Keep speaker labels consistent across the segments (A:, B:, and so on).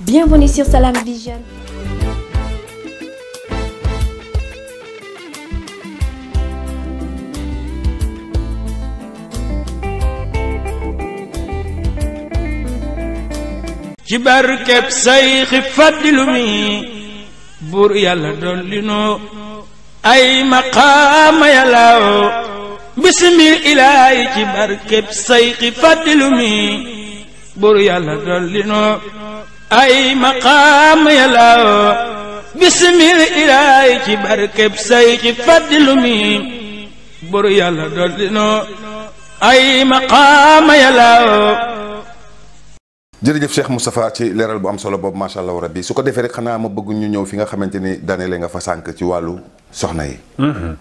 A: Bienvenue sur Salam Vision. ci yàlla dolli noo ay maqaama bismil ilaahi ci barkeb sayxi fàddilu mi ay maqaam yàllaw bisimil ilaay ci barkeb say ci faddilu mi boru yàlla doon dino ay maqaam yàllaw jërëjëf Cheikh Moustapha ci leeral bu am solo boobu macha allah rabbi su ko defee rek xanaa ma bëgg ñu ñëw fi nga xamante ni daanele nga fa sànk ci wàllu soxna yi mm-hmm.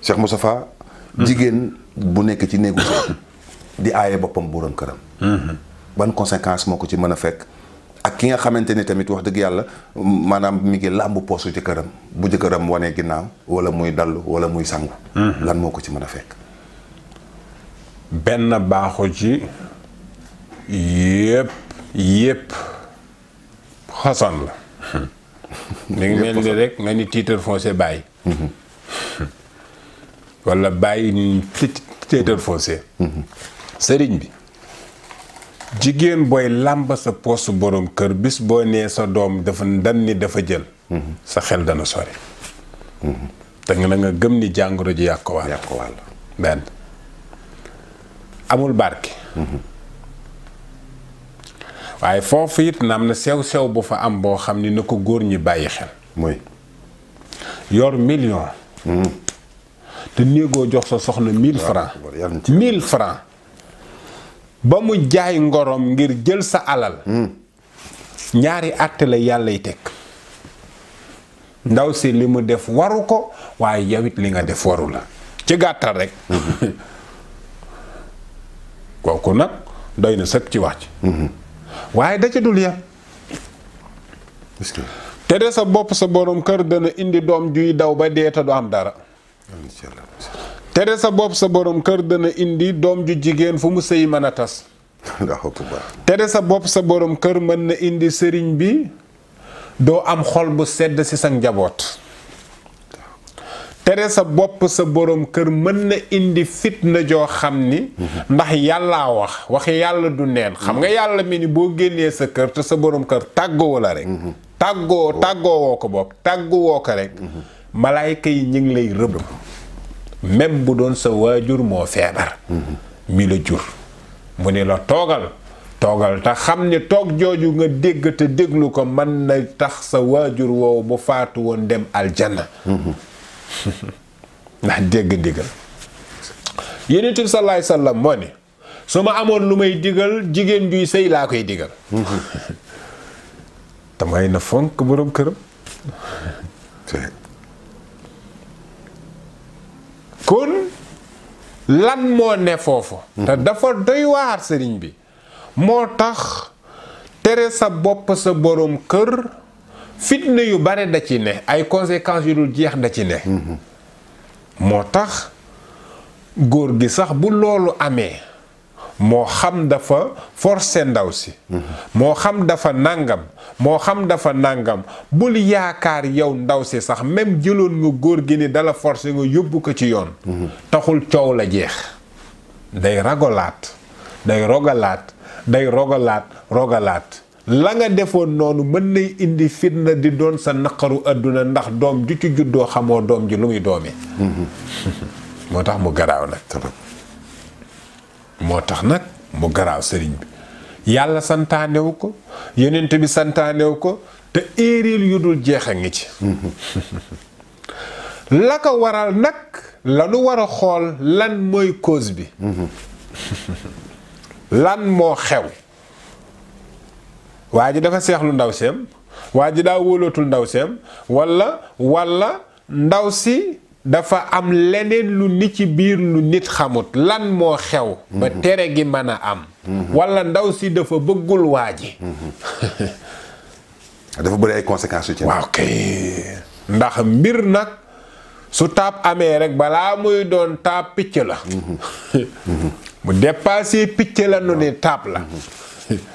A: Cheikh Moustapha mm-hmm. jigéen bu nekk ci néegu di aaye boppam boroom këram mm-hmm. ban conséquence moo ko ci mën a fekk ak ki nga xamante ni tamit wax dëgg yàlla maanaam mi ngi làmb poosu jëkkëram bu jëkkëram wanee ginnaaw wala muy dallu wala muy sangu mhm. lan moo ko ci mën a fekk benn baaxu ci yëpp yëpp xoson la mi ngi mel ni rek nga ni titre foncé bàyyi mhm. wala bàyyi ñu titre foncé mhm. sëriñ bi jigéen booy làmb sa poos boroom kër bis boo nee sa doom dafa dan ni dafa jël mhm. sa xel dana sori mhm. te nga na nga gëm ni jàngoro ji yàq ko wàll yàq ko wàll benn amul barke mhm. waaye foofu it na am na sew-sew bu fa am boo xam ni na ko góor ñi bàyyi xel mooy yor million te néegoo jox sa soxna mille francs mille francs ba mu jaay ngorom ngir jël sa alal hmm. ñaari àtte la yàllay teg ndaw si li mu def waru ko waaye yawit li nga def waru la ci gàttal rek hmm. kooku nag doy na sëkk ci wàcc hmm. waaye da ca dul yam sa bopp sa borom kër dana indi doom juy daw ba dee te du am dara tere sa bopp sa boroom kër dana indi doom ju jigéen fu mu sëy mën a tas tere sa bopp sa boroom kër mën na indi sëriñ bi doo am xol bu sedd ci sa njaboot tere sa bopp sa borom kër mën na indi fitna joo xam ni ndax yàlla wax wax yàlla du neen xam nga yàlla mi ni boo génnee sa kër te sa boroom kër tàggoo la rek tàggoo tàggoo woo ko bopp tàgguwoo woo ko rek malaayka yi ñu ngi lay rëbb même bu doon sa waajur moo feebar mi la jur mu ni la toogal toogal te xam ni toog jooju nga dégg te déglu ko mën na tax sa waajur woow bu faatu woon dem aljana ndax dégg ndigal yonent bi salaay sallam moo ni su ma amoon lu may digal jigéen juy sëy laa koy digal te may na fonk boroom këram kon lan moo ne foofu mhm. te dafa doy waar sëriñ bi moo tax tere sa bopp sa boroom kër fitna yu bare da ci ne ay conséquences yu dul jeex da ci ne mhm. moo tax góor gi sax bu loolu amee moo xam dafa forse ndaw si moo xam dafa nàngam moo xam dafa nàngam bul yaakaar yow ndaw si sax même jëloon nga góor gi ni dala forcé nga yóbbu ko ci yoon taxul coow la jeex day ragolaat day rogalaat day rogalaat rogalaat la nga defoon noonu mën nay indi fitna di doon sa naqaru àdduna ndax doom ju ci juddoo xamoo doom ji lu muy doomee mm-hmm. moo tax mu garaaw nag moo tax nag mu garaaw sëriñ bi yàlla santaanewu ko yonent bi santaanewu ko te éeréel yu dul jeex a ngi ci la ko waral nag lanu war a xool lan mooy cause bi lan moo xew waa ji dafa seexlu ndaw seem waa ji daa wóolootul ndaw seem walla walla ndaw si dafa am leneen lu ni ci biir lu nit xamut lan moo xew ba mhm. tere gi mën a am mhm. walla ndaw si dafa bëggul waa ji mhm. dafa bëri ay waaw kay ndax mbir nag su taab amee rek balaa muy doon taab picc la bu dépassé picc la nu ni taab la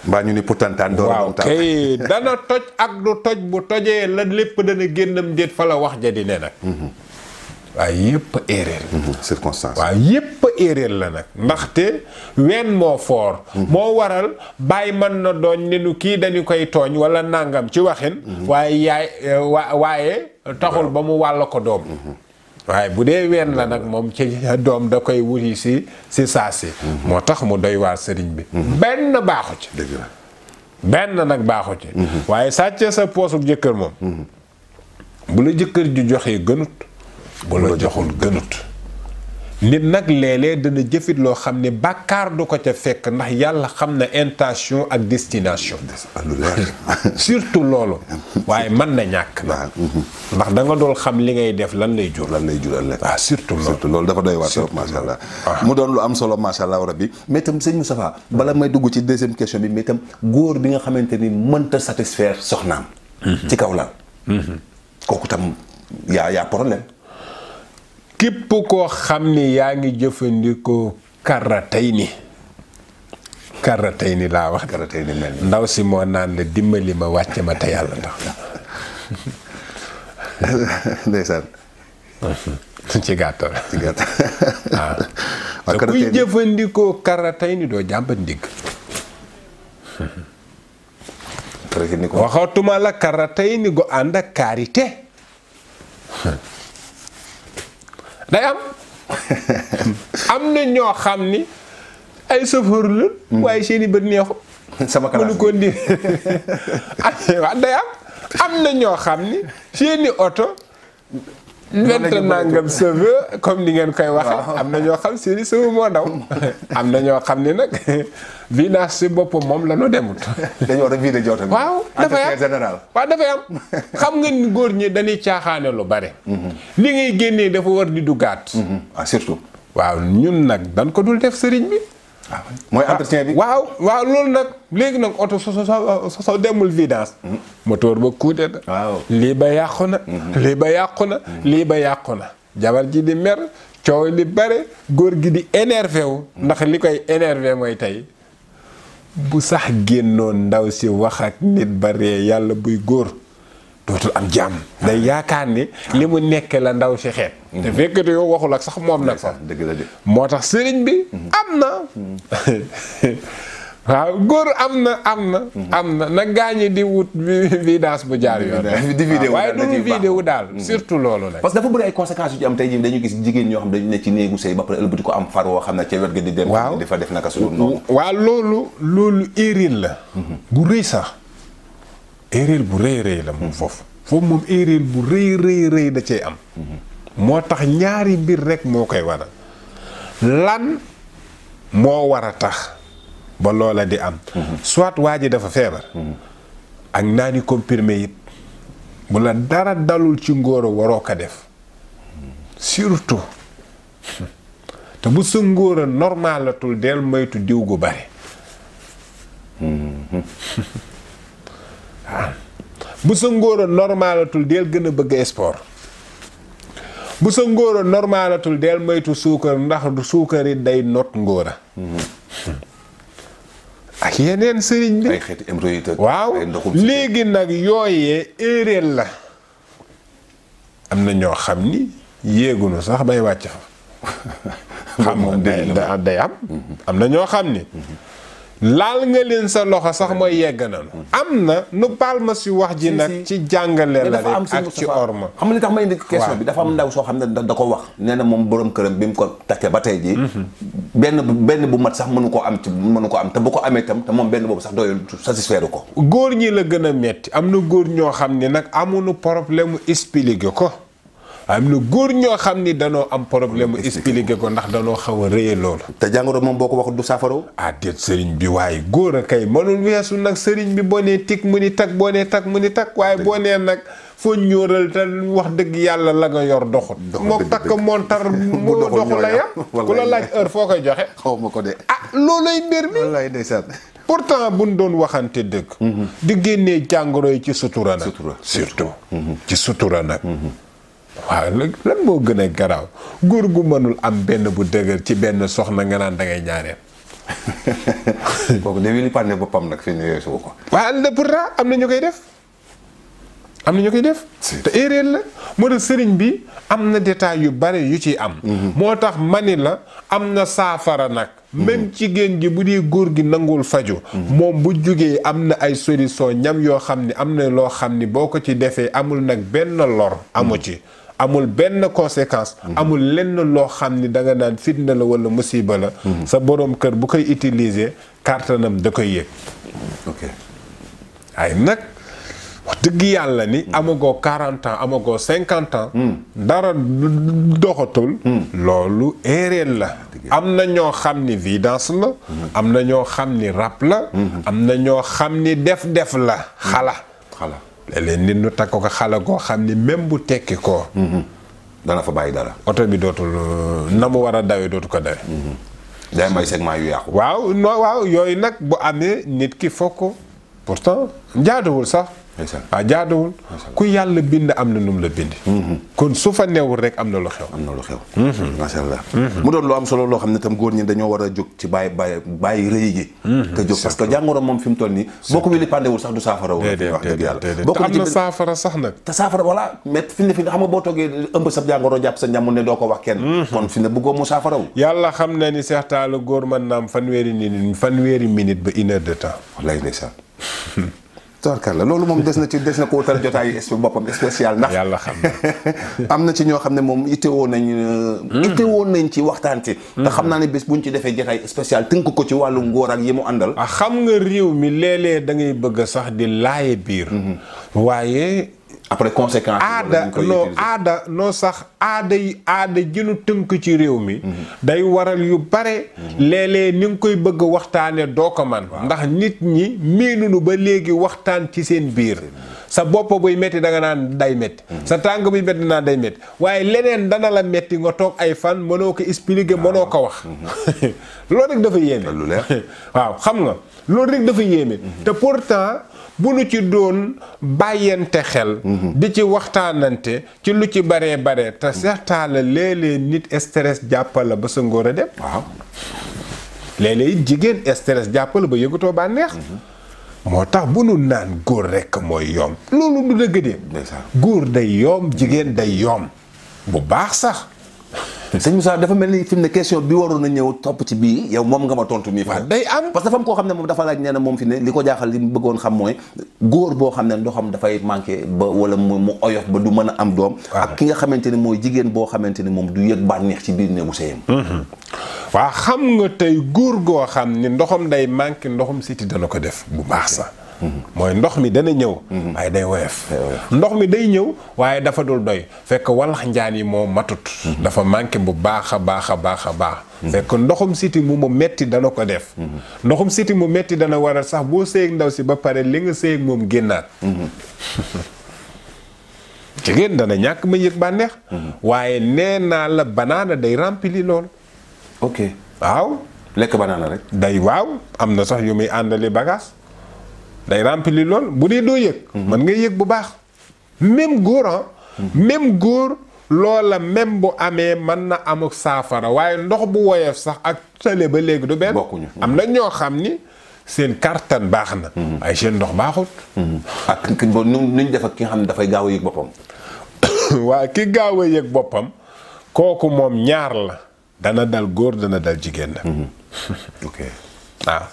A: mbaa ñu ni putantaan door toj ak du toj bu tojee la lépp dana génnam déet fa la wax ja di nag waaye yëpp erreur mhm, circonstance waaw yëpp erreur la nag ndaxte ween moo foor mhm. moo waral bàyyi man na dooñ ne kii dañu koy tooñ walla nàngam ci waxin mhm. waaye yaay eh, waaye taxul ba mu wàll ko doom waaye bu dee ween la nag moom ci doom da koy wuti si si saa si moo tax mu doy waa sëriñ bi benn baaxu ci benn nag baaxu ci waaye sàcce sa poosu jëkkër moom bu la jëkkër ju joxee gënut bu la joxul gënut nit nag léeg-léeg dana jëfit loo xam ne bàkkaar du ko ca fekk ndax yàlla xam na intention ak destination surtout loolu waaye mën na ñàkk na mhm. ndax da nga xam li ngay def lan lay jur lan lay jur ëllëg waaw ah, surtout loolu loolu dafa doy waar trop macha allah ah. mu doon lu am solo macha allah rabbi mais itam sëñ Moustapha bala may dugg ci deuxième question bi mais itam góor bi nga xamante ni mënta satisfaire soxnaam mhm. ci kaw lal mhm. kooku tam yaa yaa problème képp koo xam ni yaa ngi jëfandikoo karatay ni karatay ni laa wax karatay ni mel ndaw si moo naan la dimbali ma wàcce ma te yàlla tax ndeysaan ci gàttal ci ah. te kuy jëfandikoo karatay ni doo jàmbat ndigg waxatuma la karatay ni gu ànd ak karité day am am na ñoo xam ni ay chauffeur la. Mm. waaye seeni i bët neexu. sama classe mënu day am am na ñoo xam ni seen oto. vingt nangam cheveux comme ni ngeen koy waxee am na ñoo xam seeni cheveux moo daw am na ñoo xam ne nag village si bopp moom la ñu demut dañoo rek vidé jootam waaw dafay am général waaw dafay xam nga ni góor ñi dañuy caaxaane lu bare mm-hmm. li ngay génnee dafa war di du gaat mm-hmm. ah, waaw ñun nag dañ ko dul def sëriñ bi Ah mooy entretien bi waaw waaw loolu nag léegi nag oto so so so demul vidange. Hmm. moteur ba kuute lii ba yàqu na. Hmm. lii ba yàqu na hmm. lii ba yàqu na. jabar ji di mer coow li bare góor gi di énervé wu. ndax li koy énervé mooy tey. bu sax génnoon ndaw si wax ak nit ba yàlla buy góor. dootul am jàmm. day yaakaar ni li mu nekk la ndaw si xeet. te fekkati yow waxul ak sax moom nag sax dëgg la moo tax sëriñ bi. am na. waaw góor am na am na. Mm-hmm. am na na gaañi di wut vidange bu jaar yoon. di vidéo waaye du vidéo daal mm-hmm. surtout loolu la. parce que dafa bëri ay conséquences yu ci am tey jii dañu gis jigéen ñoo xam dañu ne ci néegu sëy ba pare ëlbati ko am far woo xam ne ca wet ga di dem. waaw di fa def naka su dul noonu. waaw loolu loolu erreur la. Mm-hmm. bu rëy sax. erreur bu rëy rëy la moom mhm. foofu foofu moom erreur bu rëy rëy da cee am mhm. moo tax ñaari mbir rekk moo koy waral lan moo war a tax ba loola di am mhm. soit waa ji dafa feebar ak naa ni comprimé it bu la dara dalul ci ngóoro waroo ko def surtout te bu sa ngóora normalatul del moytu diw gu bare bu sa ngóor a del gën a bëgg sport bu sa ngóor a normalatul del moytu suukar ndax suukar day not ngóor ak yeneen sëriñ bi waaw léegi nag yooyee éeréel la am na ñoo xam ni yéegunu sax bay wàcc fa xam day am mm-hmm. am na ñoo xam ni mm-hmm. laal nga leen sa loxo sax mooy yegg nañu. am na nu baal ma si wax ji nag. ci jàngale la rek ak ci orma. xam nga li tax ma indi question bi dafa am ndaw soo xam ne da ko wax. nee na moom borom këram bi mu ko takkee ba tey jii. Mhm. benn benn bu mat sax mënu ko am ci mënu ko am te bu ko amee tam te moom benn boobu sax doyul satisfaire ko. góor ñi la gën a metti am na góor ñoo xam ne nag amuñu problème mu expliqué ko. am na góor ñoo xam ni danoo am problème mu expliqué ko ndax danoo xaw a rëye loolu. te jàngoro moom boo ko wax du saafara. ah déet sëriñ bi waaye góor a kay mënul weesu nag sëriñ bi boo nee tik mu ni tak boo nee tak mu ni tak waaye boo nee nag foo ñóoral te wax dëgg yàlla la nga yor doxut. moo takk montar mu doxu la ya ku la laaj heure foo koy joxe. xaw ma ko de. ah loolay mbir mi wallaay ndeysaan pourtant buñ doon waxante dëgg. Mhm. di génnee jàngoro yi ci sutura nag. surtout mhm. ci sutura nag. Mhm. waaw lan moo gën a garaaw góor gu mënul am benn bu dëgër ci benn soxna nga naan da ngay ñaareel. kooku de boppam nag fi ñu ko. waaw la pourtant am na ñu koy def am na ñu koy def. te erreur la moo sëriñ bi am na détails yu bari yu ci am. Mhm. moo tax mani la am na saafara nag. Mhm. même jigéen gi bu dee góor gi nangul faju mhm. moom bu jugee am na ay solution ñam yoo xam ne am na loo xam ni boo ko ci defee amul nag benn lor amu ci. amul benn conséquence mhm. amul lenn loo xam ni danga nga naan fitna la wala musiba la mhm. sa boroom kër bu koy utiliser kàttanam da koy yëg ok nag wax dëgg yàlla ni mhm. amago quarante ans amagoo cinquante ans dara doxatul loolu erreur la am na ñoo xam ni vidance la am na ñoo xam ni rab la am na ñoo xam ni def def la xala xala léeg-léeg nit ñu takk ko xale koo xam ni même bu tekki ko mhm. dana fa bàyyi dara. oto bi dootul na mu war a dawee dootu ko dawee. Mhm. day may segment yu yàqu. waaw non waaw yooyu nag bu amee nit ki fokk pourtant jaaduwul sax. waaw jaaduwul ku yàlla bind am na nu mu mhm. kon su fa newul rek am na lu am na lu xew mhm. macha mhm. mu doon lu am solo loo xam ne tam góor ñi dañoo war a jóg ci bàyyi bàyyi bàyyi rëy moom fi mu toll nii boo ko wili pandewul sax du saafara wax dëgg yàlla te am na saafara sax nag te saafara voilà mais fi ne fi boo toogee ëmb sa jàngoro jàpp sa njàmm ne doo ko wax kenn kon fi ne bëggoo mu saafarawu yàlla xam na ni seextaalu góor mën na am fanweeri minute fanweeri minute ba une heure de temps wallaay ndeysaan torkal la loolu moom des na ci des na ko wutal jotaayu boppam spécial ndax yàlla xam am na ci ñoo xam ne moom itteewoon nañ euh, hmm. itteewoon nañ ci waxtaan ci te hmm. xam naa ne bés buñ ci defee jotaay spécial tënk ko ci wàllu ngóor ak yi mu àndal a ah, xam nga réew mi léeg-léeg da ngay bëgg sax di laaye biir hmm. waaye après conséquence aada noo aada non sax aada yi aada jënu tënk ci réew mi mhm. day waral yu bare mhm. léeg-léeg ni nga koy bëgg waxtaane doo ko man ndax nit ñi miinunu ba léegi waxtaan ci seen biir sa bopp buy metti da nga naan day metti mhm. sa tànk buy metti naa day metti waaye leneen dana la metti nga toog ay fan mënoo ko expliquer mënoo ko wax loolu rek dafa yéeme waaw xam nga loolu rek dafa yéeme te pourtant bu nu ci doon bàyyante xel mhm. di ci waxtaanante ci lu ci baree bare te mhm. seetaala léeg-léeg nit stress jàppala ba sa ngóor a dem waaw léeg-léeg it jigéen stress jàppala ba yëgutoo bànneex mhm. moo tax bu nu naan góor rekk mooy yoom loolu du dëgg de góor day yoom jigéen day yoom bu baax sax sëñ Moussa dafa mel ni fi mu ne question bi waroon na ñëw topp ci bii yow moom nga ma tontu nii fa ah, day am parce que dafa am koo xam ne moom dafa laaj nee na moom fi ko jaaxal mu bëggoon xam mooy góor boo xam ne ndoxam dafay manqué ba wala mu oyof ba du mën a am doom ah. ak ki nga xamante ne mooy jigéen boo xamante ne moom du yëg bànneex ci biir néegu sëyam mhm. waa xam nga tey góor goo xam ni ndoxam day manqué ndoxum siti dana ko def bu baax sax mooy ndox mi dana ñëw mhm. waaye day ndox mi day ñëw waaye dafa dul doy fekk walax njaan yi moom matut mhm. dafa manqué bu baax a baax a baax a baax mhm. fekk ndoxum siti mu mu metti dana ko def ndoxum siti mu metti dana waral sax boo séyeg ndaw si ba pare li nga séyeg moom génnaat jigéen dana ñàkk ma yëg bànneex waaye nee naa la banaana day rempli loolu ok waaw lekk banaana rek day waaw am na sax yu muy àndali bagage day remplir lool bu dee doo yëg. Mhm. mën nga yëg bu baax. même góor ah. Mhm. même góor loola même bu amee mën na amuk saafara waaye ndox bu woyof sax ak tële ba léegi du benn. bokkuñu am na ñoo xam ni. seen kartan baax na. Mhm. ay seen ndox baaxut. ak nuñ def ki nga xam ne dafay gaaw a yëg boppam. waa ki gaaw a boppam kooku moom ñaar la dana dal góor dana dal jigéen la.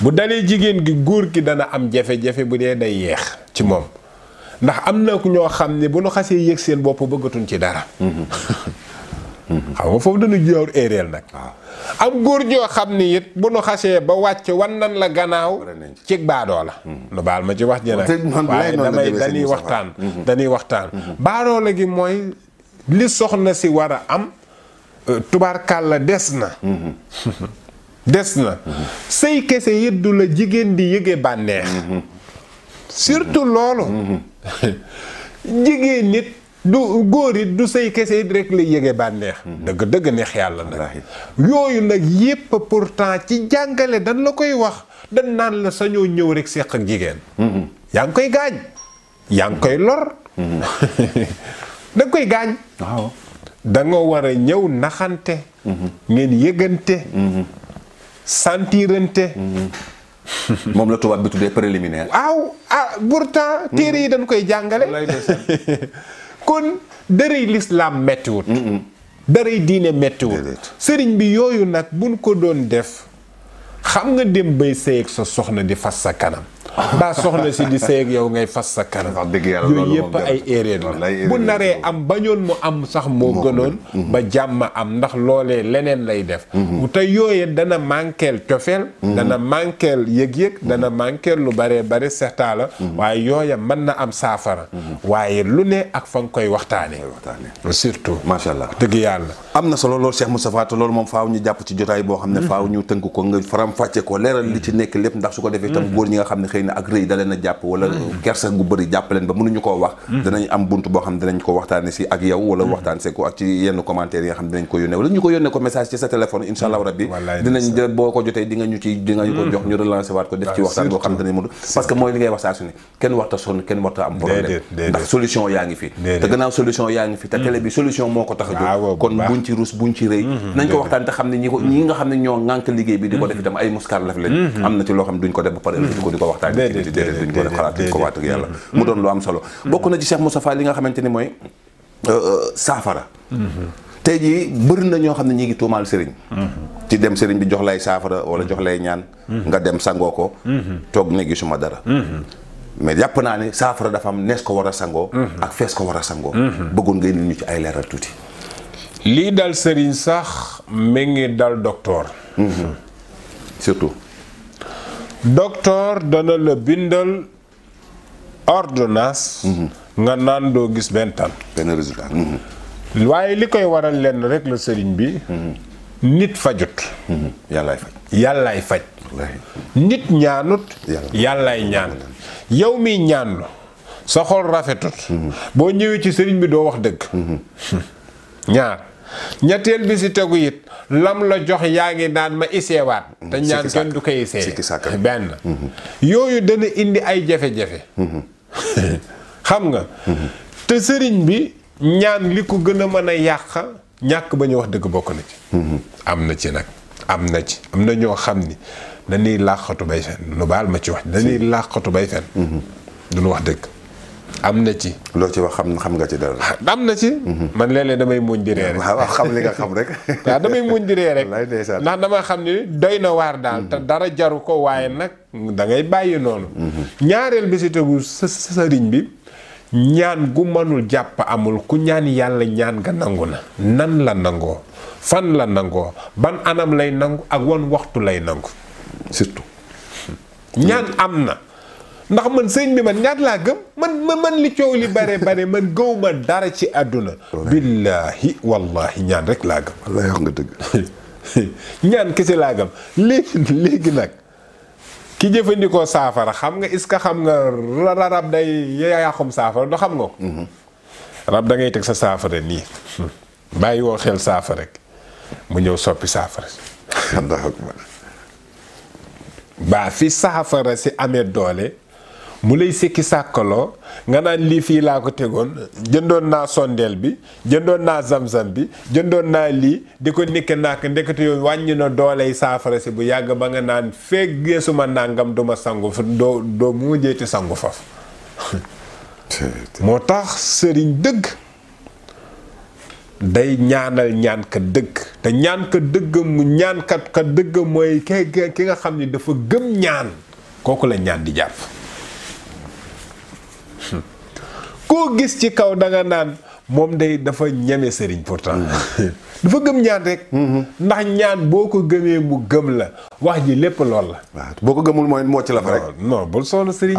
A: bu dalee jigéen gi góor gi dana am jafe-jafe bu dee day yeex ci moom ndax am na ku ñoo xam ne bu nu xasee yéeg seen bopp bëggatuñ ci dara. xam nga foofu dañu jawr éereel nag. Ah. am góor joo xam ni it bu nu xasee ba wàcc wan nan la gannaaw. cig baadoo la. Hmm. nu baal ma ci wax ji nag waaye damay hmm. dañuy waxtaan. dañuy hmm. waxtaan baadoo gi mooy li soxna si war a am euh, tubaarkàlla des na. des na sëy kese yëddu la jigéen di yëge bànneex surtout loolu jigéen nit du góor it du sëy kese it rek la yëge bànneex dëgg dëgg neex yàlla nag yooyu nag yépp pourtant ci jàngale dañ la koy wax dañ naan la sañoo ñëw rek seq ak jigéen yaa ngi koy gaañ yaa ngi koy lor da koy gaañ waaw war a ñëw naxante mhm. ngeen yëgante mhm. sentirante. moom la tubaab bi tu dee préliminaire. aw ah pourtant. téere yi dañ koy jàngale. kon dërëy lislaam mettiwut. dërëy diine mettiwut. sëriñ bi yooyu nag buñ ko doon def xam nga dem bay sëy ak sa soxna di fas sa kanam. baa soxna si di sëy ak yow ngay fas sa kanam yooyu yëpp ay erreur la bu naree am bañoon mu am sax moo gënoon ba jàmm am ndax loolee leneen lay def mhm. te yooye dana manqueel cofeel mhm. dana manqueel yëg-yëg dana manqueel lu baree bare seetaa la mhm. waaye yooya na am saafara waaye lu ne ak fa nga koy waxtaane surtout macha allah dëgg yàlla am na solo loolu Cheikh Moustapha te loolu moom faaw ñu jàpp ci jotaay boo xam ne faaw ñu tënk ko nga faram fàcce ko leeral li ci nekk lépp ndax su ko defee tam góor ñi nga xam ne xëy ak rëy da a jàpp wala mm. kersa gu bëri jàpp leen ba mënuñu koo wax mm. danañ am bunt boo xam dinañ ko waxtaane si ak yow wala mm. waxtaan see ak ci yenn commentaire yi nga xam ne ñoo ŋànk liggéey bi di ko def mm-hmm. itam ay muskar laf lañ mm-hmm. am na ci loo xam duñ ko def ba pare di ko di ko waxtaan duñ ko def xalaat duñ ko waat ak yàlla mm-hmm. mu doon lu am solo mm-hmm. bokk na ci Cheikh Moustapha li nga xamante ni mooy euh, euh, saafara mm-hmm. tey jii bëri na ñoo xam ne ñi ngi tuumaal sëriñ ci dem sëriñ bi jox lay saafara wala jox lay ñaan nga dem sangoo ko toog ne suma dara mais jàpp naa ne saafara dafa am nees ko war a sangoo ak fees ko war a sangoo bëggoon nga indil ñu ci ay leeral tuuti lii dal sëriñ sax mi ngi dal docteur surtout docteur dana la bindal ordonnance. Mhm. nga naan doo gis benn tan mhm. waaye li koy waral lenn rek la sëriñ bi. Mhm. nit fajut. yàllaay faj. yàllaay faj. nit ñaanut. yàllaay ñaan. yow mi ñaanlu sa xol rafetut. boo ñëwee ci sëriñ bi doo wax dëgg. ñaar. ñetteel bi si tegu yit lam la jox yaa ngi naan ma iseewaat mm-hmm. te ñaan kenn du ko isee benn mm-hmm. yooyu dana indi ay jafe-jafe mm-hmm. xam nga te sëriñ bi ñaan li ko gën a mën a yàq ñàkk ba ñu wax dëgg bokk na ci am na ci nag am na ci am na ñoo xam ni dañuy laaxatu bay fen nu baal ma ci wax dañuy làqatu bay fen duñu wax dëgg am na ci. loo ci wax xam xam nga ci dara. am na ci. man léeg-léeg damay muñ di ree rek. xam li nga xam rek. waaw damay muñ di ree rek. ndax dama xam ni doy na waar daal. te dara jaru ko waaye nag da ngay bàyyi noonu. ñaareel bi si tegu sa sëriñ bi ñaan gu mënul jàpp amul ku ñaan yàlla ñaan nga nangu na. nan la nangoo fan la nangoo ban anam lay nangu ak wan waxtu lay nangu. surtout. ñaan am na. ndax man sëñ bi man ñaat laa gëm man man li coow li bare bare man gëw ma dara ci àdduna billaahi wallaahi ñaan rek laa gëm wallaahi wax nga dëgg ñaan kese laa gëm léegi nag ki jëfandikoo saafara xam nga est-ce que xam nga rab day yaaxum saafara do xam nga ko mhm. rab da teg sa saafara nii bàyyi woo xel saafara mu ñëw soppi saafara baa fi saafara si amee doole mu lay sikki sàkkaloo nga naan lii fii laa ko tegoon jëndoon naa sondeel bi jëndoon naa zamzam bi jëndoon naa lii di ko nikke nàkk ndekete yow wàññi na dooley saafara si bu yàgg ba nga naan feeg geesuma nàngam duma sangu fa doo doo mu mujjee ci sangu faf moo tax sëriñ dëgg day ñaanal ñaankat dëgg te ñaankat dëgg mu ñaankat ka dëgg mooy ki ki nga xam ni dafa gëm ñaan kooku la ñaan di jàpp koo gis ci kaw da nga naan moom day dafa ñeme sëriñ pourtant dafa gëm ñaan rek mm-hmm. ndax ñaan boo ko gëmee mu gëm la wax ji lépp lool la boo ko gëmul mooy moo ci la rek non bul soxla ah, sëriñ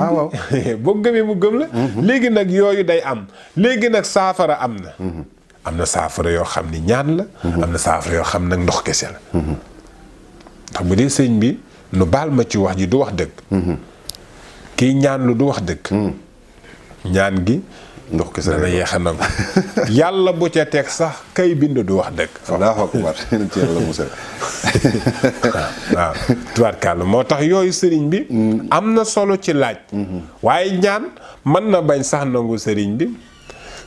A: boo gëmee mu gëm la mm-hmm. léegi nag yooyu day am léegi nag saafara am na mm-hmm. am na saafara yoo xam ni ñaan la am na saafara yoo xam nag ndox kese la ndax bu dee sëñ bi nu baal ma ci wax ji du wax dëgg kiy ñaan lu du wax dëgg mm. ñaan gi ndox ki dana yeex nangu yàlla bu ca teg sax kay bind du wax dëkk allahu akbar ci yàlla moo tax yooyu sëriñ bi mm. am na solo ci laaj mm-hmm. waaye ñaan mën na bañ sax nangu sëriñ bi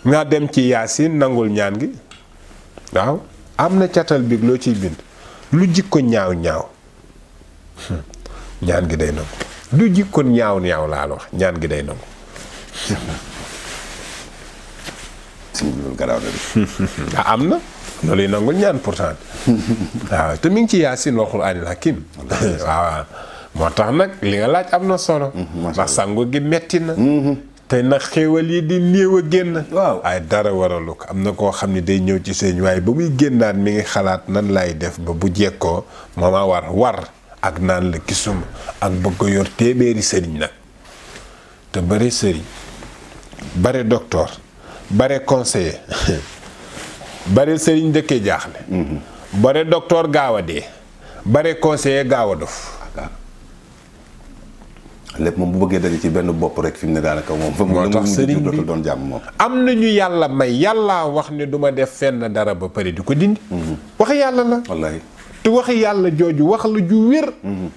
A: nga dem ci yaasin nangul ñaan gi waaw am na catal bi loo ciy bind lu jikko ñaaw ñaaw hmm. ñaan gi day nangu lu jikko ñaaw ñaaw laa la wax ñaan gi day nangu si na ah, am na. loolu yi nangul ñaan pourtant. waaw te mi ngi ci yaasin waxul Alioune Hakim. waaw moo tax nag li nga laaj am na solo. Mm-hmm, ndax sangu gi metti na. Mm-hmm. tey nag xéewal yi di néew a génn. waaw ay dara waralu ko am na koo xam ne day ñëw ci seen waaye ba muy génnaat mi ngi xalaat nan lay def ba bu jekkoo mama war war ak naan la gisuma ak bëgg yor téeméeri sëriñ nag te bëri sëriñ. bare docteur bare conseiller bare sëriñ dëkkee jaaxle mhm. bare docteur gaaw a dee bare conseiller gaaw a dof lépp moom bu bëggee daje ci benn bopp rek fi mu ne daanaka moom. moo tax sëriñ bi dootul doon jàmm moom. am na ñu yàlla may yàlla wax ne duma def fenn dara ba pare di ko dindi. Mhm. wax yàlla la. te wax yàlla jooju wax la ju wér. Mhm.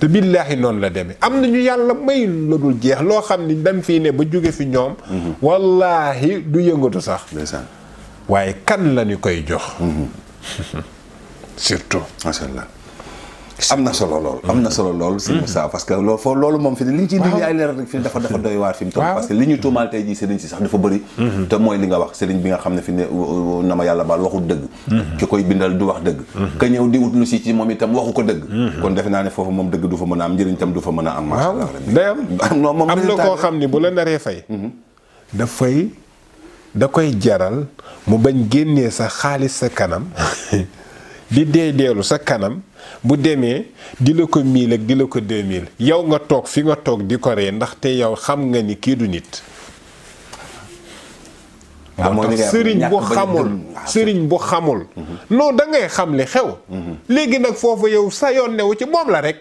A: te billaahi noonu la demee am na ñu yàlla may la dul jeex loo xam ni dañ fii ne ba jóge fi ñoom. Mhm. wallaahi du yëngatu sax. waaye kan lañu koy jox. Mhm. surtout. am na solo lool am na solo lool si Moussa mm. parce que loolu foofu loolu moom fi ne li ñu ci indi ay leer a fi ne dafa doy waar fi mu parce que li ñu tuumaal tey jii sëriñ si sax dafa bëri mm-hmm. te mooy li nga wax sëriñ bi nga xam ne fi ne na ma yàlla baal waxul dëgg mm-hmm. ki koy bindal du wax dëgg mm-hmm. ka ñëw di wut lu si ci moom itam waxu ko dëgg kon defe naa ne foofu moom dëgg du fa mën a am njëriñ du fa a am macha allah day am non moom am na koo xam ni bu la naree fay dafay da koy jaral mu bañ génnee sa xaalis sa kanam di dee sa kanam bu demee di la ko miil ak di la ko deux mille yow nga toog fi nga toog di ko ree te yow xam nga ni kii du nit ah, moo tax sëriñ ah, sëriñ bu xamul mm-hmm. non da xam li xew mm-hmm. léegi nag foofu yow sa yoon newu ci moom la rek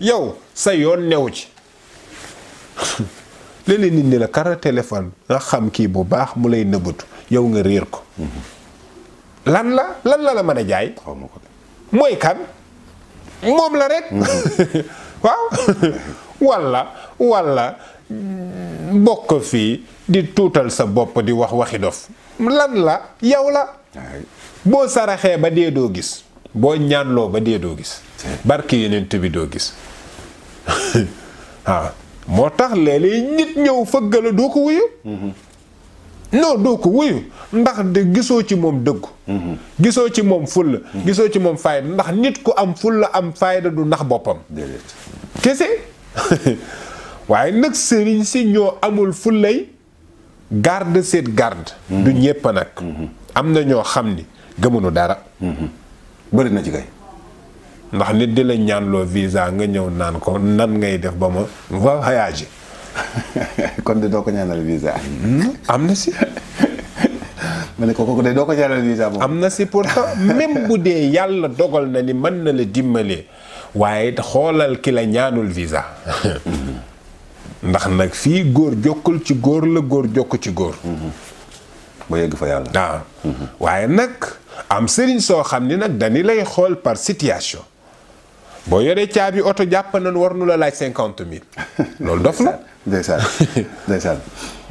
A: yow sa yoon newu ci leneen nit ni la kara téléphone nga xam kii bu baax mu lay nëbbatu yow nga réer ko mm-hmm. lan la lan la la mën a jaay mooy kan moom la rekk mm. waaw walla walla bokk fii di tuutal sa bopp di wax waxi dof lan la yow la boo saraxee ba dee doo gis boo ñaanloo ba dee doo gis barki yenent bi doo gis waaw moo tax léeg-léeg nit ñëw fëggala doo ko wuyu mm-hmm. non doo ko wuyu ndax de gisoo ci moom dëgg. Mhm. gisoo ci moom fulla mhm. gisoo ci moom fayda ndax nit ku am fulla am fayda du ndax boppam. kese waaye nag sëriñ si ñoo amul fullay garde seet garde. Mhm. du ñépp nag. am na ñoo xam ni gëmunu dara. bëri na ci kay. ndax nit di la ñaan loo visa nga ñëw naan ko nan ngay def ba ma voyager. kon de doo ko ñaanal visa. Hmm? am na si. ma ne ko kooku de doo ko ñaanal visa moom. am na si pourtant même bu dee yàlla dogal na ni mën na la dimbale waaye xoolal ki la ñaanul visa. ndax nag fii góor jokkul ci góor la góor jokk ci góor. ba yegg fa yàlla. ah waaye nag am sëriñ soo xam ni nag dañu lay xool par situation. boo yoree caabi oto jàpp nañ war nu la laaj cinquante mille loolu dof la. ndeysaan ndeysaan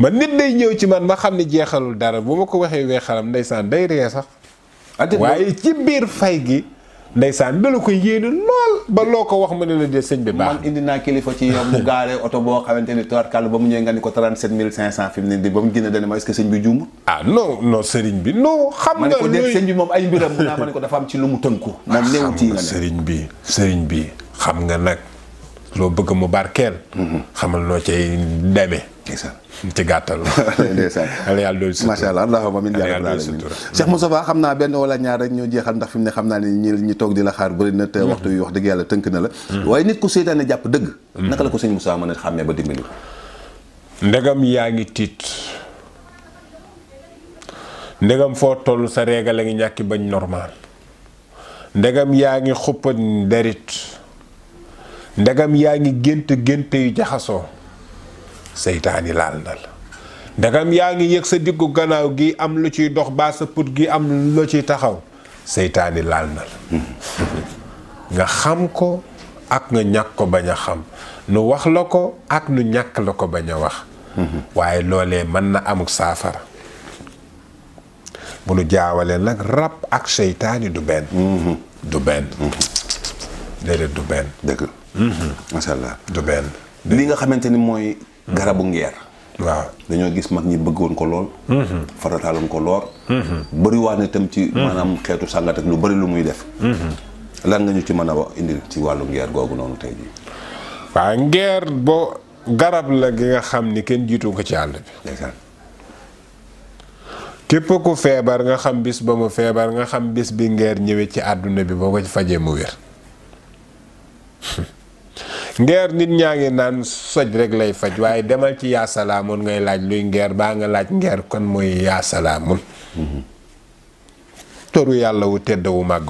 A: man nit day ñëw ci man ma xam ne jeexalul dara bu ma ko waxee weexalam ndeysaan day ree sax waaye ci biir fay gi ndeysaan da la ko yéene lool ba loo ko wax mu ne la de sëñ bi indi naa kilifa ci yow mu gaaree oto boo xamante ni toit kàll ba mu ñëwee nga ni ko 37500 fi mu ne di ba mu génne dana ma est-ce que sëñ bi juumul ah non non sëriñ bi non xam nga loolu sëñ bi moom ay mbiram mu naa ma ne ko dafa am ci lu mu tënku moom néew ci nga sëriñ bi sëriñ bi xam nga nag loo bëgg mu barkeel. Mhm. xamal noo cay demee. ci gàttal. ndeysaan yàlla doon sutura macha allah allahumma min yàlla doon sutura Cheikh xam naa benn wala ñaar rek ñoo jeexal ndax fi ne xam naa ne ñi ñi toog di la xaar bëri na te mhm. waxtu yi wax dëgg yàlla tënk na la. Mhm. waaye nit ku seytaane jàpp dëgg. naka la ko sëñ Moussa mën a xàmmee ba dimbali. ndegam yaa ngi tiit ndegam foo tollu sa réegal a ngi ñàkki bañ normal ndegam yaa ngi xuppa derit ndegam yaa ngi gént gént yu jaxasoo seytaani laal na la ndegam yaa ngi yëg sa diggu gannaaw gi am lu ciy dox baa sa put gi am lu ciy taxaw seytaani laal na la nga xam ko ak nga ñàkk ko bañ a xam nu wax la ko ak nu ñàkk la ko bañ a wax waaye loole mën na amuk saafara bu nu jaawalee nag rab ak seytaani du benn mm-hmm. du mm-hmm. du benn dëgg Mm-hmm. macha allah du benn. li nga xamante ni mooy. garabu ngeer. Mm-hmm. waaw dañoo gis mag ñi bëggoon ko lool. Mm-hmm. farataaloon ko lool. bëriwaane itam ci. maanaam xeetu sàngat lu bari lu muy def. lan nga ñu ci mën a wax indil ci wàllu ngeer googu noonu tey jii. waaw ngeer la gi xam ni kenn jiitu ko ci àll bi. képp ku feebar nga xam bis ba mu feebar nga xam bis bi ngeer ñëwee ci àdduna bi boo ko ci fajee mu wér. ngeer nit ñaa ngi naan soj rekk lay faj waaye demal ci yaasalaamun ngay laaj luy ngeer baa nga laaj ngeer kon mooy yaasalaamun mm-hmm. toru yàlla wu tedd wu màgg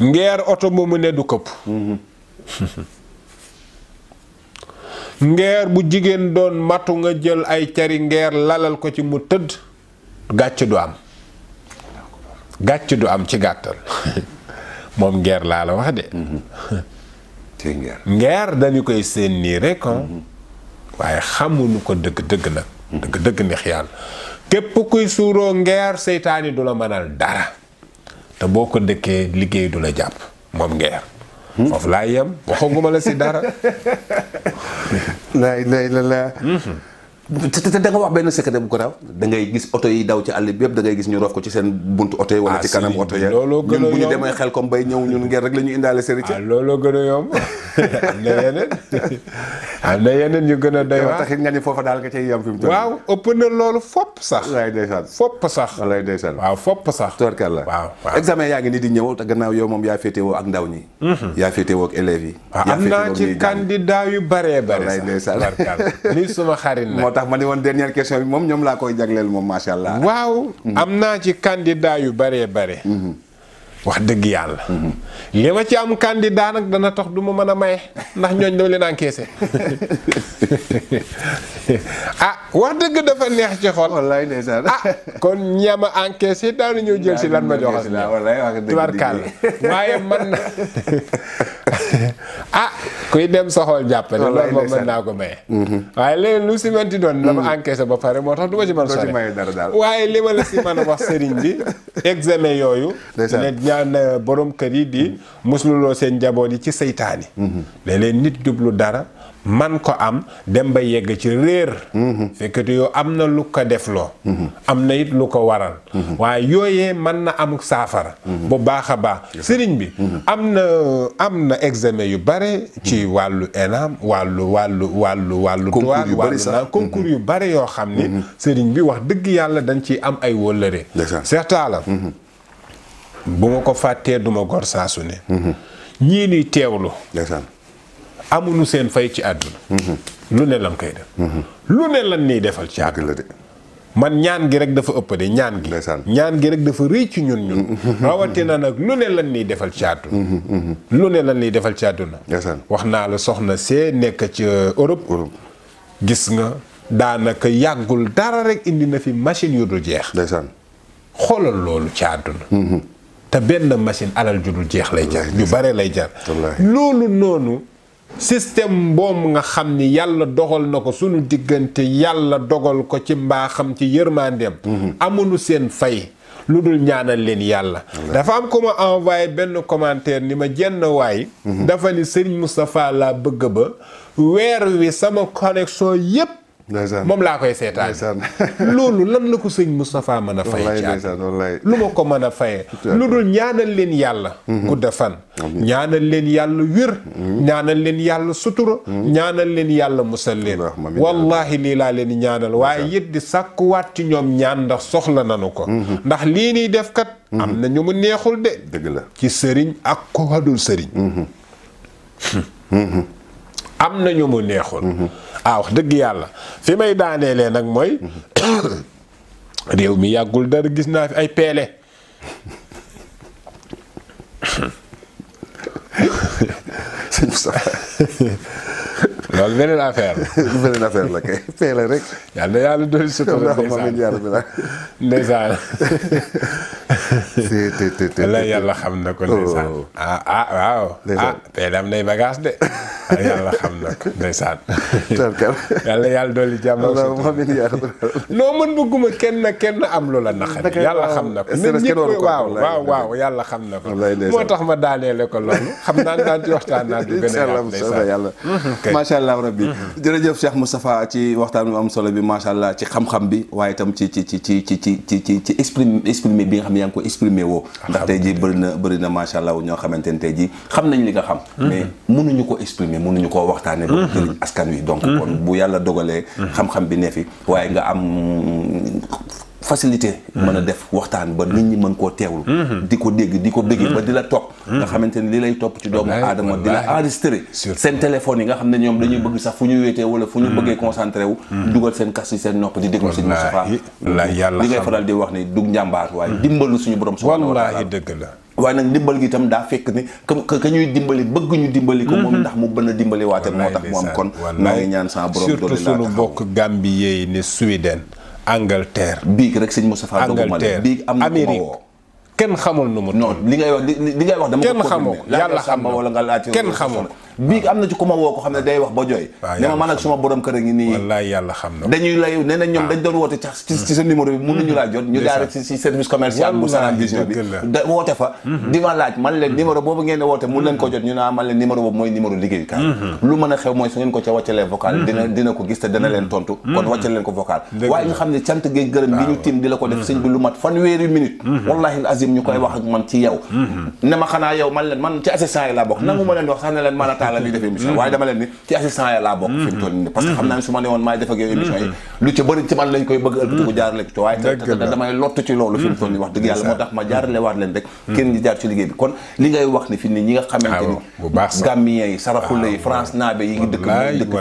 A: ngeer oto mu ne du këpp mm-hmm. ngeer bu jigéen doon matu nga jël ay cari ngeer lalal ko ci mu tëdd gàcc du am gàcc du am ci gàttal moom ngeer laa wax de mm-hmm. tey ngeer dañu koy seen nii rek ah. waaye xamuñu ko dëgg-dëgg nag. dëgg-dëgg neex yàlla képp kuy suuroo ngeer seytaani du la mënal dara te boo ko dëkkee liggéey du la jàpp moom ngeer. foofu laa yem waxaguma la si dara. lay lay la la. Mm-hmm. te da nga wax benn secret bu ko daaw da ngay gis oto yi daw ci àll bi yëpp da ngay gis ñu roof ko ci seen buntu oto yi wala ah, ci kanam oto yi ñun la ñu indaale seen ci ah, a yomb am na yeneen a nga ni foofa daal nga cay yem fi mu waaw na loolu fopp sax lay la examen yaa ngi ni di ñëw te gannaaw yow moom yaa féetewoo ak ndaw ñi mhm. yaa féetewoo ak élèves yi ah, am naa ci candidat yu baree bare lay ndeysaan ni suma xarit tax ma ni woon dernière question bi moom ñoom laa koy jagleel moom macha allah. waaw am naa ci candidat yu bëree bare. Mm-hmm. wax dëgg yàlla. li ma ci am candidat nag dana tax du ma mën a maye ndax ñooñ dama leen encaissé ah wax dëgg dafa neex ci xol. wallaay ndeysaan ah kon ñama ma encaissé daanu ñëw jël si lan ma jox si tubarkaal waaye man na ah kuy dem sa moom mën naa ko maye. Mm-hmm. waaye léegi lu si manti doon. dama mm-hmm. encaissé ba pare moo tax du ma ci mën a. sori waaye li ma la si mën a wax sëriñ bi examen yooyu. ñaan eh, boroom kër yi di musluloo seen njaboot yi ci seytaane léeg nit jublu dara man ko am dem ba yegg ci réer fekkati yow am na lu ko defloo am na it lu ko waral waaye yooyee mën na amuk saafara bu baax a baax sëriñ bi mm-hmm. am na am na examen yu bare ci mm-hmm. wàllu ENAM wàllu wàllu wàllu wàllu duwaat wàllu naa concours yu mm-hmm. bare yoo xam ni sëriñ bi wax dëgg yàlla dañ ciy am ay wóllëre certains bu ma ko fàttee duma gor saa su ne mhm. ñii ni teewlu amuñu seen fay ci àdduna mhm. lu ne lan koy def mhm. lu ne lan nii defal ci àdduna man ñaan gi rek dafa ëpp de ñaan gi ñaan gi rek dafa rëy ci ñun ñun rawatina nag lu ne lan nii defal ci àdduna lu ne lan defal ci àdduna wax naa la soxna see nekk ci Europe gis nga daanaka yàggul dara rek indi na fi machine yu dul jeex xoolal loolu ci àdduna te benn machine alal ju dul jeex lay jar ju bare lay jar loolu noonu système boobu nga xam ni yàlla doxal na ko suñu diggante yàlla dogal ko ci mbaaxam ci yërmandem mhm. amulu seen fay lu dul ñaanal leen yàlla dafa am ko ma envoyé benn commentaire ni ma jenn waay mhm. dafa ni Serigne Moustapha laa bëgg ba weer wi sama connexion yépp moom laa koy seetaan loolu lan la ko sëñ Moustapha mën a fay caat lu ma ko mën a faye lu dul ñaanal leen yàlla mhm. gudda fan ñaanal leen yàlla wér mhm. ñaanal leen yàlla sutura mhm. ñaanal leen yàlla musal leen wallahi lii laa leen ñaanal waaye it di sàkkuwaat ci ñoom ñaan ndax soxla nanu ko ndax lii niy def kat am na ñu mu neexul de dëgg la ci sëriñ ak ko wadul sëriñ hmm. am na ñu mu neexoon. ah dëgg yàlla fi may daaneelee nag mooy réew mi yàggul dara gis naa fi ay peele. loolu beneen affaire la. beneen affaire la kay peele rek. yàlla na yàlla doy sutura ndeysaan xam na ko ndeysaan. ah ah yàlla xam na ko ndeysaan. Oh. Ah, ah, ah, yàlla yàlla dolli jàmm. noo mën bëgguma kenn kenn am lu la naqari. yàlla xam na ko xam na ko. moo tax ma daaneele ko loolu. xam naa daan ci waxtaan naa du gën a yàlla. incha allah rabbi mm-hmm. jërëjëf Cheikh Moustapha ci waxtaan bu am solo bi macha allah ci xam-xam bi waaye itam ci ci ci ci ci ci ci ci exprime exprimer bi nga xam ne yaa ngi ko exprimer woo ndax tey ji bëri na bëri na macha allah ñoo xamante ne tey ji xam nañ li nga xam mm-hmm. mais ñu ko exprimer mënuñu koo waxtaane ba mm-hmm. jëriñ askan wi donc kon bu yàlla dogalee xam-xam bi ne fi waaye nga am facilité. mën a def waxtaan ba nit ñi mën koo teewlu. Mhm. di ko dégg di ko bëggee mhm. ba di la topp. Mhm. nga xamante ni li lay topp ci doomu aadama di la enregistré. seen téléphone yi nga xam ne ñoom dañuy bëgg sax fu ñu wéetee wala fu ñu bëggee concentré wu. dugal seen kas yi seen nopp di déglu sëñ Moustapha. yàlla li ngay faral di wax ni dug njàmbaar waaye dimbalu suñu borom. subhanahu wa taala wallaahi dëgg la. waaye nag dimbal gi itam daa fekk ne que que ñuy dimbali bëgg ñu dimbali ko moom ndax mu bën a dimbali waate moo tax mu am kon maa ngi ñaan sama borom doole surtout suñu bokk Gambie yi ne Angleterre. biig rek sëñ Moustapha. Angleterre biig am na ko ma woo. kenn xamul nu li ngay wax li ngay ko. xamoo yàlla xam na am na ci ku woo ko xam ne day wax ba jooy. waaw yàlla man ak suma borom kër a ngi nii. dañuy lay nee ñoom ah. dañ doon woote hmm. ci sa numéro bi mënuñu hmm. laa jot. ñu daal ci service commercial bu Salam Vision bi da woote fa. Hmm. di ma laaj man leen numéro boobu ngeen woote mun leen ko jot ñu naa man leen numéro boobu mooy numéro liggéeyukaay. lu mën a xew mooy su ngeen ko ca wàccalee vocal. dina ko gi Yacine ñu koy wax ak man ci yow mhm. ne ma xanaa yow man leen man ci assistant laa bokk mhm. nangu ma leen mhm. ci assistant laa bokk fi mu toll nii parce que xam naa ne su ma ne woon maay def ak yow émission yi lu ci damay lottu ci loolu fi mu toll nii wax dëgg yàlla moo tax ma jaarale waat leen rek kenn jaar ci liggéey bi kon li ngay wax ni fi ni ñi nga xamante ni Gambien yi saraxule yi France naabe yi dëkk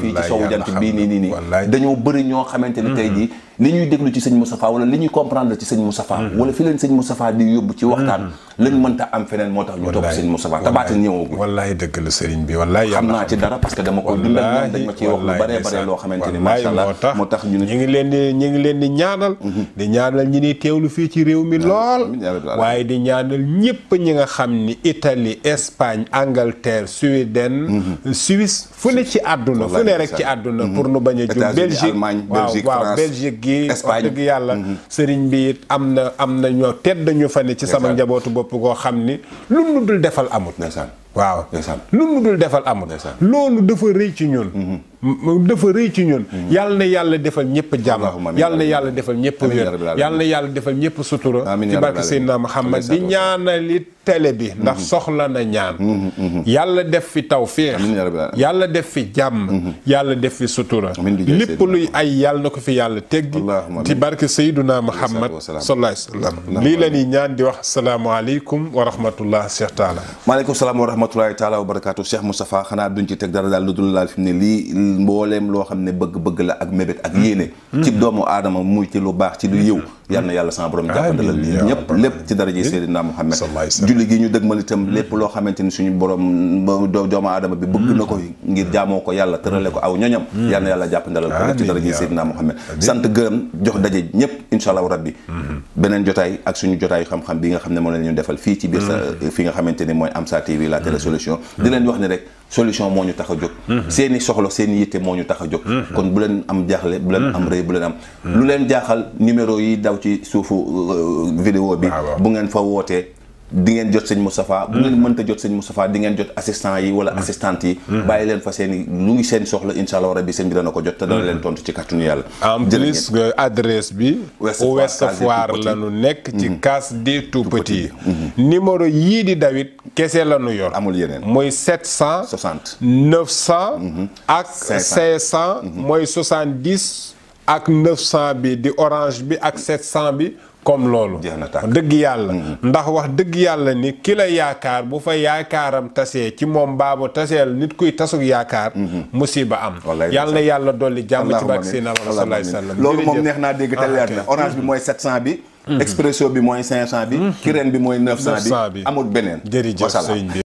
A: fii ci sowu jant bii nii nii dañoo bëri li ñuy déglu ci sëñ Moustapha wala li ñuy comprendre ci sëñ Moustapha mhm. wala fi leen sëñ Moustapha di yóbbu ci waxtaan mhm. lañ mënta am feneen moo tax ñu topp sëriñ Moustapha tabaate ñëwagul wallaay dëgg la sëriñ bi wallaay xam naa ci dara parce que dama koy dundal wax lu bare bare loo xamante ni macha allah moo tax ñu ngi leen di ñu ngi ñaanal mhm. di ñaanal ñi ni teewlu fii ci réew mi lool waaye di ñaanal ñëpp ñi nga xam ni Italie Espagne Angleterre Suède mhm. Suisse fu ne ci àdduna fu ne rek ci àdduna mhm. pour nu bañ a jum Belgique waaw waaw gi wax dëgg yàlla sëriñ bi it am na am na ñoo tedd ñu fa ne ci sama njabootu bopp bopp goo xam ni lu nu dul defal amut. ndeysaan waaw ndeysaan lu nu dul defal amut. ndeysaan loolu dafa rëy ci ñun. Mm-hmm. dafa rëy ci ñun hmm. yàlla na yàlla defal ñëpp jàmm yàlla na yàlla defal ñëpp wér yàlla yàlla defal ñëpp sutura ci barke Seydina Muhammad di ñaanali télé bi ndax hmm. soxla na ñaan hmm, yàlla def fi tawféex yàlla def fi jàmm yàlla def fi sutura lépp luy ay yàlla na ko fi yàlla teggi ci barki Seydina Muhammad sallallahu alayhi wa sallam lii la ñuy ñaan di wax asalaamaaleykum wa rahmatullah Cheikh Talla maaleykum salaam wa rahmatullahi taala wa barakaatu Cheikh Moustapha xanaa duñ ci teg dara daal lu dul laal fi mu ne lii mbooleem loo xam ne bëgg-bëgg la ak mébét ak yéene. Mm-hmm. ci doomu aadama muy ci lu baax ci lu yëw yal na yàlla sama borom jàppandalal lii ñëpp lépp ci daraje Seydina Muhammad julli gi ñu dëgmal itam hmm. lépp loo xamante suñu borom doomu aadama bi bëgg na hmm. ko ngir jaamoo ko yàlla tërale ko aw ñoñam hmm. yal na yàlla jàppandalal ko lépp ci daraje Seydina Muhammad sant gërëm jox daje ñëpp insha allahu rabbi beneen jotaay ak suñu jotaayu xam-xam bi nga xam ne moom la ñu defal fii ci biir sa fi nga xamante ni mooy Amsa TV la télé solution di leen wax ni rek solution a a daw ci suufu euh, vidéo bi ah, bu ngeen fa wootee di ngeen jot sëñ Moustapha bu ngeen mm-hmm. mënta jot sëñ Moustapha di ngeen jot assistant yi wala mm-hmm. assistante yi mm-hmm. bàyyi leen fa seen i lu ngi seen soxla insha allah rabbi sëñ bi dana ko jot te dana leen tontu ci kàttanu yàlla en plus adresse yii di dawit kese la nu amul yeneen mooy ak mooy ak 900 bi di orange bi ak 700 bi comme loolu dëgg yàlla mm-hmm. ndax wax dëgg yàlla ni ki yaakaar bu fa yaakaaram tasee ci moom baabu taseel nit kuy tasug yaakaar mm-hmm. musiba am yàlla na yàlla dolli jàmm ci barke Seydina Muhammad la alayhi wa loolu moom neex naa dégg te na ah, orange bi mooy 700 bi mm-hmm. expresso bi mooy 500 bi kirène bi mooy 900 bi amul beneen jërëjëf sëñ bi